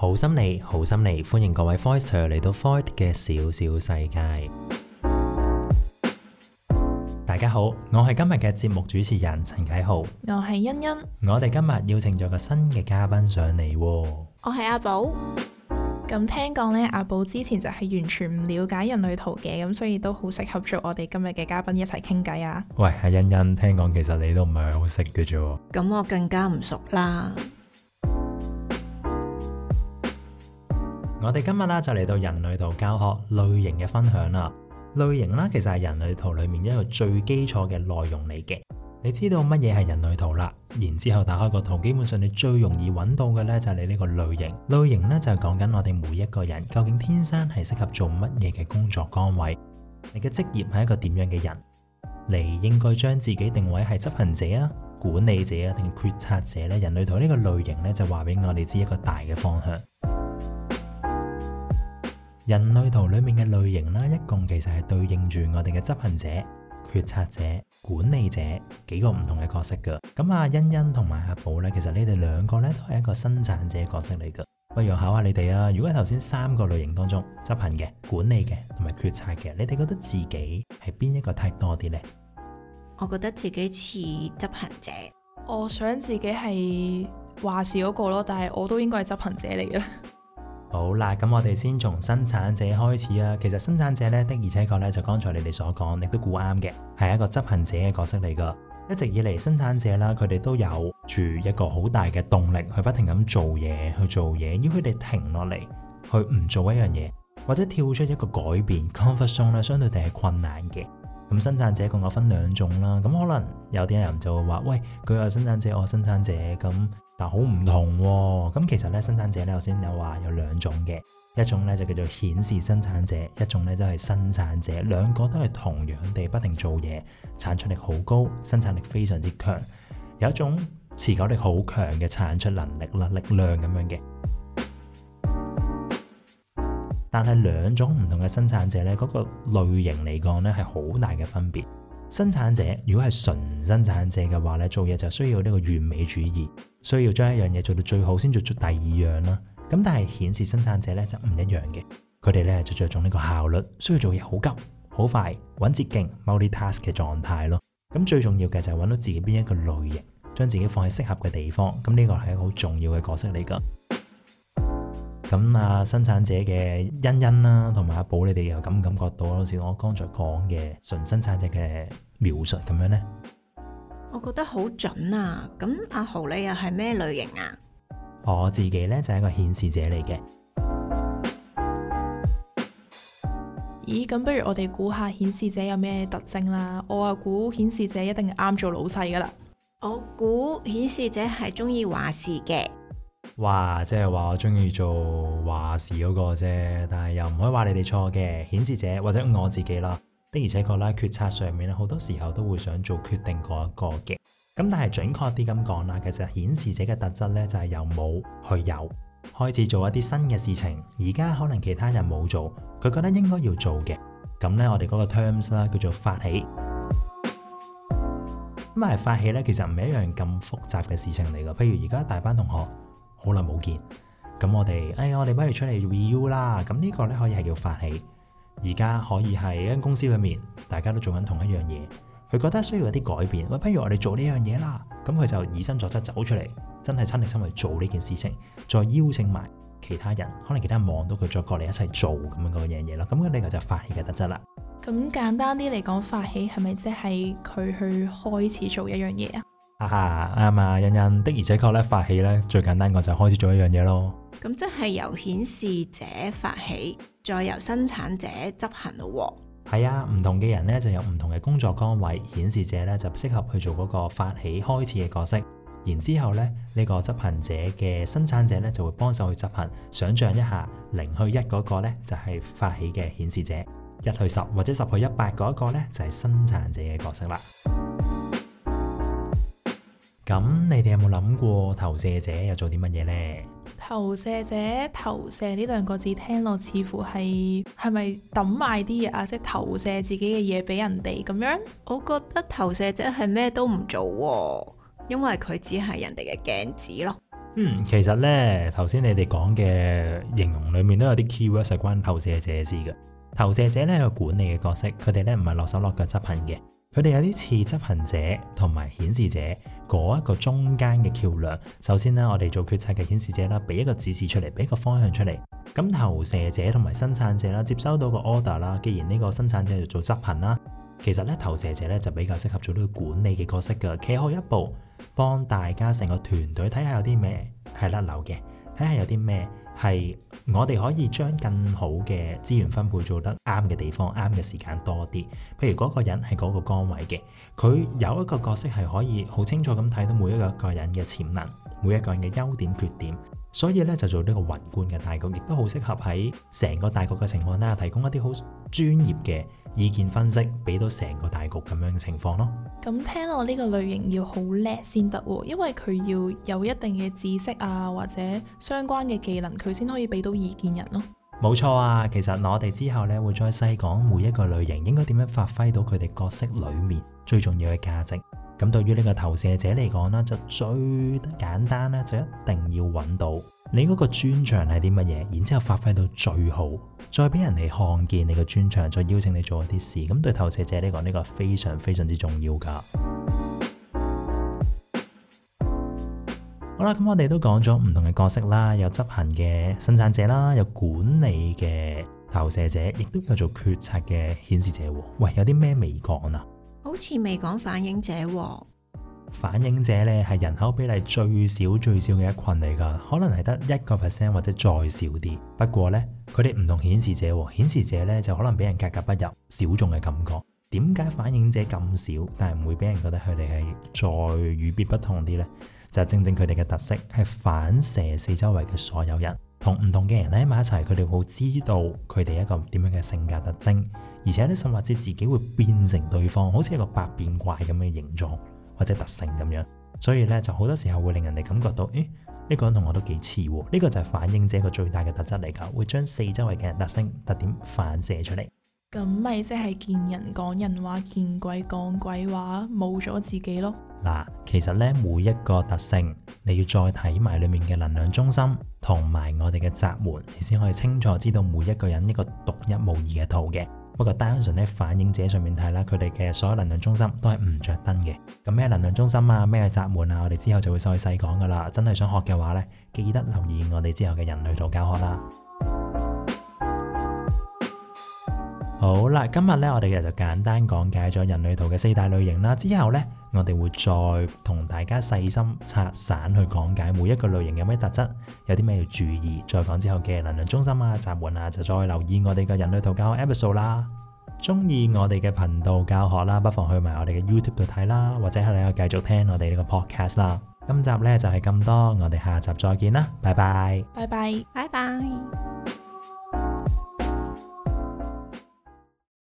好心理，好心理，歡迎各位 Voidster 嚟到 Void 嘅小小世界。 大家好，我係今日嘅節目主持人陳啟豪，我係欣欣。我哋今日邀請咗個新嘅嘉賓上嚟。我係阿寶。咁聽講呢，阿寶之前就係完全唔了解人類圖嘅，咁所以都好適合做我哋今日嘅嘉賓一齊傾偈啊。喂，阿欣欣，聽講其實你都唔係好識嘅啫，咁我更加唔熟啦。我哋今日啦，就嚟到人類圖教學類型嘅分享啦。類型啦，其實係人類圖裏面一個最基礎嘅內容嚟嘅。你知道乜嘢係人類圖啦？然之後打開個圖，基本上你最容易揾到嘅呢，就係你呢個類型。類型呢，就係講緊我哋每一個人究竟天生係適合做乜嘢嘅工作崗位。你嘅職業係一個點樣嘅人？你應該將自己定位係執行者啊、管理者啊定決策者咧？人類圖呢個類型呢，就話俾我哋知一個大嘅方向。人類圖裏面嘅類型咧，一共其實係對應住我哋嘅執行者、決策者、管理者幾個唔同嘅角色噶。咁阿欣欣同埋阿寶咧，其實你哋兩個咧都係一個生產者角色嚟嘅。不如我考下你哋啦，如果喺頭先三個類型當中，執行嘅、管理嘅同埋決策嘅，你哋覺得自己係邊一個 type 多啲呢？我覺得自己似執行者，我想自己係話事嗰個咯，但係我都應該係執行者嚟嘅。好啦，咁我哋先從生產者開始啊。其實生產者呢的而且確呢，就剛才你哋所講，亦都估啱嘅，係一個執行者嘅角色嚟噶。一直以嚟生產者啦，佢哋都有住一個好大嘅動力去不停咁做嘢，去做嘢，要佢哋停落嚟，去唔做一樣嘢，或者跳出一個改變，comfort zone 咧相對地係困難嘅。咁生產者共有分兩種啦，咁可能有啲人就會話：喂，佢話生產者，我生產者，咁但好唔同喎。咁其實咧，生產者咧，我先有話有兩種嘅，一種咧就叫做顯示生產者，一種咧就係生產者，兩個都係同樣地不停做嘢，產出力好高，生產力非常之強，有一種持久力好強嘅產出能力啦，力量咁樣嘅。但係兩種唔同嘅生產者咧，嗰個類型嚟講咧係好大嘅分別。生產者如果係純生產者嘅話咧，做嘢就需要呢個完美主義，需要將一樣嘢做到最好先做出第二樣啦。咁但係顯示生產者咧就唔一樣嘅，佢哋咧就着重呢個效率，需要做嘢好急好快，揾捷徑、multi task 嘅狀態咯。咁最重要嘅就係揾到自己邊一個類型，將自己放喺適合嘅地方。咁呢個係一個好重要嘅角色嚟噶。咁啊，生產者嘅欣欣啦、啊，同埋阿寶，你哋又感唔感覺到好似我剛才講嘅純生產者嘅描述咁樣呢？我覺得好準啊！咁阿、啊、豪你又係咩類型啊？我自己咧就係、是、一個顯示者嚟嘅。咦？咁不如我哋估下顯示者有咩特徵啦？我啊，估顯示者一定係啱做老細㗎啦。我估顯示者係鍾意話事嘅。話即係話我中意做話事嗰個啫，但係又唔可以話你哋錯嘅。顯示者或者我自己啦，的而且確咧，決策上面咧好多時候都會想做決定嗰一個嘅。咁但係準確啲咁講啦，其實顯示者嘅特質呢，就係由冇去有，開始做一啲新嘅事情。而家可能其他人冇做，佢覺得應該要做嘅。咁呢，我哋嗰個 terms 啦，叫做發起。咁係發起呢，其實唔係一樣咁複雜嘅事情嚟嘅。譬如而家大班同學。好耐冇見，咁我哋，哎呀，我哋不如出嚟 review 啦。咁呢個咧可以係叫發起，而家可以係一間公司裏面，大家都做緊同一樣嘢，佢覺得需要有啲改變，喂，不如我哋做呢樣嘢啦。咁佢就以身作則，走出嚟，真係親力親為做呢件事情，再邀請埋其他人，可能其他人望到佢再過嚟一齊做咁樣樣嘢咯。咁呢個就係發起嘅特質啦。咁簡單啲嚟講，發起係咪即係佢去開始做一樣嘢啊？哈哈，啱啊，人人的而且確咧，發起咧最簡單，我就開始做一樣嘢咯。咁即係由顯示者發起，再由生產者執行咯。係啊，唔同嘅人咧就有唔同嘅工作崗位，顯示者咧就適合去做嗰個發起開始嘅角色。然之後咧呢個執行者嘅生產者咧就會幫手去執行。想象一下，零去一嗰個咧就係發起嘅顯示者，一去十或者十去一百嗰一個咧就係生產者嘅角色啦。咁你哋有冇諗過投射者又做啲乜嘢呢？「投射者」、「投射」呢兩個字聽落似乎係係咪抌埋啲嘢啊，即係投射自己嘅嘢俾人哋咁樣？我覺得投射者係咩都唔做喎，因為佢只係人哋嘅鏡子咯。嗯，其實呢，頭先你哋講嘅形容裏面都有啲 key words 係關投射者嘅事嘅。投射者咧係管理嘅角色，佢哋咧唔係落手落腳執行嘅。佢哋有啲似執行者同埋顯示者嗰一個中間嘅橋梁。首先呢，我哋做決策嘅顯示者啦，俾一個指示出嚟，俾一個方向出嚟。咁投射者同埋生產者啦，接收到個 order 啦。既然呢個生產者就做執行啦，其實呢投射者呢就比較適合做呢個管理嘅角色㗎，企好一步，幫大家成個團隊睇下有啲咩係甩漏嘅，睇下有啲咩係。我哋可以將更好嘅資源分配做得啱嘅地方、啱嘅時間多啲。譬如嗰個人係嗰個崗位嘅，佢有一個角色係可以好清楚咁睇到每一個個人嘅潛能、每一個人嘅優點缺點。所以咧就做呢個宏觀嘅大局，亦都好適合喺成個大局嘅情況底下提供一啲好專業嘅意見分析，俾到成個大局咁樣嘅情況咯。咁聽落呢個類型要好叻先得喎，因為佢要有一定嘅知識啊，或者相關嘅技能，佢先可以俾到意見人咯。冇錯啊，其實我哋之後咧會再細講每一個類型應該點樣發揮到佢哋角色裏面最重要嘅價值。咁對於呢個投射者嚟講咧，就最簡單咧，就一定要揾到你嗰個專長係啲乜嘢，然之後發揮到最好，再俾人哋看見你個專長，再邀請你做一啲事。咁對投射者嚟講，呢個非常非常之重要噶。 好啦，咁我哋都講咗唔同嘅角色啦，有執行嘅生產者啦，有管理嘅投射者，亦都有做決策嘅顯示者啊。喂，有啲咩未講啊？好似未講反映者喎，反映者咧係人口比例最少最少嘅一群嚟㗎，可能係得一個 percent 或者再少啲。不過呢，佢哋唔同顯示者，顯示者呢就可能俾人格格不入、小眾嘅感覺。點解反映者咁少，但係唔會俾人覺得佢哋係再與別不同啲呢？就係正正佢哋嘅特色係反射四周圍嘅所有人。同唔同嘅人喺埋一齊，佢哋會知道佢哋一個點樣嘅性格特徵，而且呢，甚至自己會變成對方，好似一個百變怪咁嘅形狀或者特性咁樣。所以呢，就好多時候會令人哋感覺到，誒呢個人同我都幾似，呢個就係反映者一個最大嘅特質嚟噶，會將四周圍嘅人特性特點反射出嚟。咁咪即係見人講人話，見鬼講鬼話，冇咗自己咯。嗱，其實呢，每一個特性。你要再睇埋裏面嘅能量中心同埋我哋嘅閘門，你先可以清楚知道每一個人一個獨一無二嘅圖嘅。不過單純喺反映者上面睇啦，佢哋嘅所有能量中心都係唔着燈嘅。咁咩能量中心啊，咩閘門啊，我哋之後就會再細講噶啦。真係想學嘅話呢，記得留意我哋之後嘅人類圖教學啦。好啦，今日呢，我哋就簡單講解咗人類圖嘅四大類型啦。之後呢，我哋會再同大家細心拆散去講解每一個類型有咩特質，有啲咩要注意。再講之後嘅能量中心啊、閘門啊，就再留意我哋嘅人類圖教學 app 啦。中意我哋嘅頻道教學啦，不妨去埋我哋嘅 YouTube 度睇啦，或者係你去繼續聽我哋呢個 podcast 啦。今集呢，就係、是、咁多，我哋下集再見啦，拜拜。拜拜，拜拜。